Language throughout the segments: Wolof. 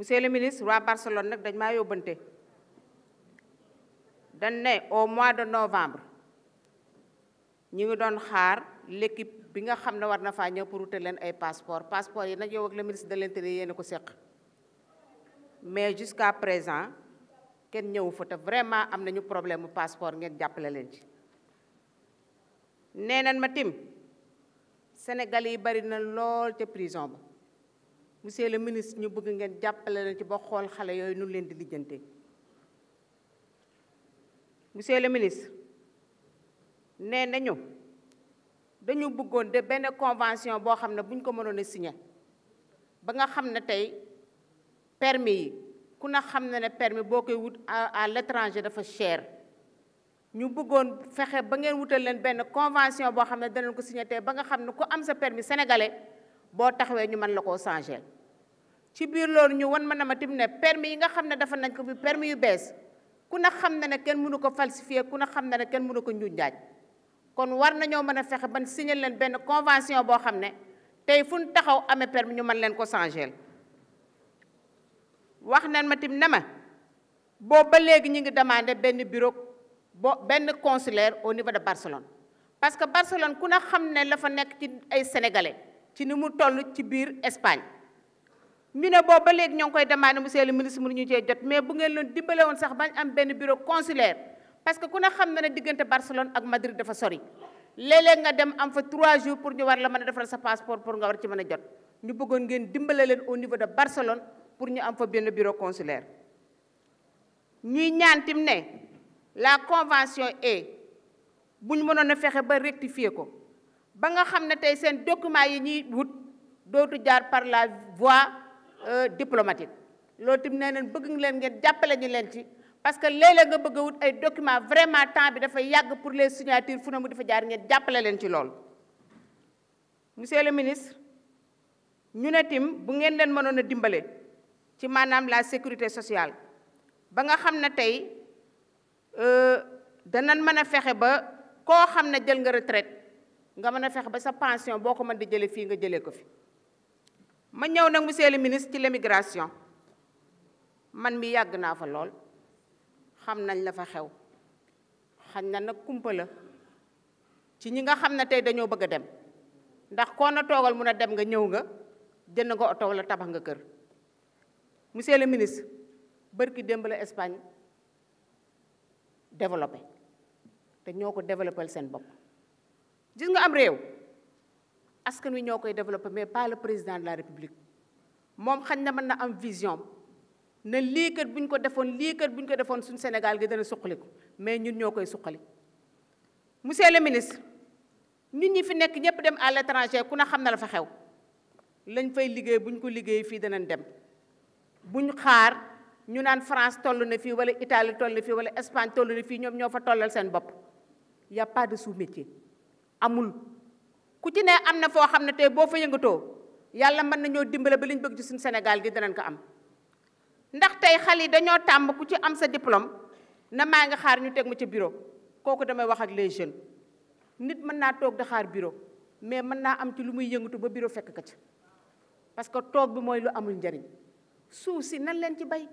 monsieur le ministre waa Barcelone nag dañ maa yóbbante dañ ne au mois de novembre ñu ngi doon xaar l'équipe bi nga xam ne war na faa ñëw pour wutal leen ay passeport passeport yi na yow ak le ministre de l'intérieur yéen a ko seq mais jusqu'à présent kenn ñëwu fa te vraiment am nañu problème mu passeport ngeen jàppale leen ci nee nañ ma tim Sénégal yi bari na lool ca prison ba monsieur le ministre ñu bëgg ngeen jàppale na ci ba xool xale yooyu nu leen di lijjante monsieur le ministre nee nañu dañu buggoon de benn convention boo xam ne bu ñu ko mënoon a signé ba nga xam ne tey permis yi ku na xam ne ne permis boo koy wut à l'étranger dafa cher ñu bëggoon fexe ba ngeen wutal leen benn convention boo xam ne danañ ko signé tey ba nga xam ne ku am sa permis sénégalais boo taxawee ñu man la koo changé ci biir loolu ñu wan ma na ma tim ne permis yi nga xam ne dafa nañ ko bi permis yu bees ku na xam ne ne kenn mënu ko falsifier ku na xam ne ne kenn mënu ko njuñ jaaj kon war nañoo mën a fexe ban signé leen benn convention boo xam ne tey fu taxaw amee permis ñu mën leen ko changé wax nañ ma tim ne ma boobu ba léegi ñu ngi demandé benn bureau boo benn consulaire au niveau de Barcelone parce que Barcelone ku na xam ne la fa nekk ci ay sénégalais. ci ni mu tollu ci biir Espagne ñu ne boobu ba léegi ñoo ngi koy demandé monsieur le ministre mënuñu cee jot mais bu ngeen leen dimbale woon sax bañ am benn bureau consulaire parce que ku ne xam na ne diggante Barcelone ak Madrid dafa sori léeg-léeg nga dem am fa trois jours pour ñu war la mën a defaral sa passeport pour nga war ci mën a jot ñu bëggoon ngeen dimbale leen au niveau de Barcelone pour ñu am fa benn bureau consulaire ñuy ñaan tim ne la convention est buñ ñu mënoon a fexe ba rectifier ko ba nga xamne tay sen document yi ñi wut dootu jaar par la voie euh, diplomatique lo tim neenañ bëgg ngi leen ngeen jappalé ñu leen ci parce que lélé nga bëgg wut ay document vraiment temps bi dafa yàgg pour les signatures fu ne mu difa jaar ngeen jappalé leen ci lool monsieur le ministre ñu ne tim bu ngeen leen mënoon dimbalé ci manam la sécurité sociale ba nga xamne tay euh danañ mën a ba ko xamne jël nga retraite nga mëna fex ba sa pension boko mën di jëlé fi nga jëlé ko fi ma ñëw nak monsieur le ministre ci l'immigration man mi yag na fa lool xam nañ la fa xew xañ na nak kumpa la ci ñi nga xam na tay dañu bëgg dem ndax ko na togal mun a dem nga ñëw nga jënd nga auto wala tabax nga kër monsieur le ministre barki la Espagne développer te ñoko ko sen bop gis nga am réew askan wi ñoo koy développé mais pas le président de la république moom xañ na mën na am vision na lii kat bu ko defoon lii kat buñ ko defoon suñu Sénégal gi dana suqaliku mais ñun ñoo koy suqali monsieur le ministre ñun ñi fi nekk ñëpp dem à l'étranger ku ne xam na la fa xew lañ fay liggéey bu ko liggéey fii danañ dem buñ xaar ñu naan France toll na fii wala Italie toll na fii wala Espagne toll na fii ñoom ñoo fa tollal seen bopp y a pas de amul ku ci ne am na foo xam ne tey boo fa yëngatoo yàlla mën nañoo dimbale ba liñ bëgg ci suñu Sénégal gi danañ ko am ndax tey xal yi dañoo tàmb ku ci am sa diplôme na maa ngi xaar ñu teg ma ca bureau kooku damay wax ak les jeunes nit mën naa toog di xaar bureau mais mën naa am ci lu muy yëngatu ba bureau fekk ka ci parce que toog bi mooy lu amul njariñ suuf si nan leen ci bay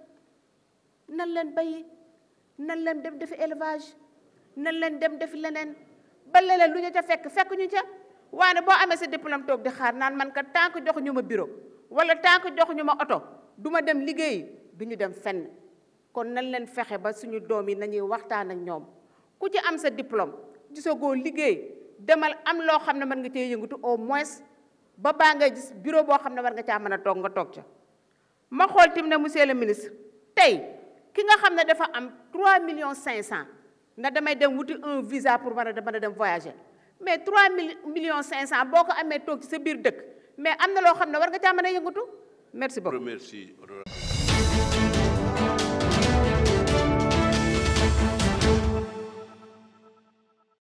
nan leen bay nan leen dem defi élevage nan leen dem defi leneen ba leneen lu ñu ca fekk fekk ñu ca waane boo amee sa diplôme toog di xaar naan man ka tànk que jox ñu ma bureau wala tànk que jox ñu ma oto duma dem liggéeyi bi ñu dem fenn kon nan leen fexe ba suñu doom yi nañuy waxtaan ak ñoom ku ci am sa diplôme gisagoo liggéey demal am loo xam ne mën nga cee yëngatu au moins ba baa ngay gis bureau boo xam ne war nga caa mën a toog nga toog ca ma xool tim ne monsieur le ministre tey ki nga xam ne dafa am 3 millions 500. Je vais avoir un visa pour voyager. Mais 3 millions 500, 000, c'est avez un taux qui se bire, mais vous avez un taux qui se bire. Merci beaucoup.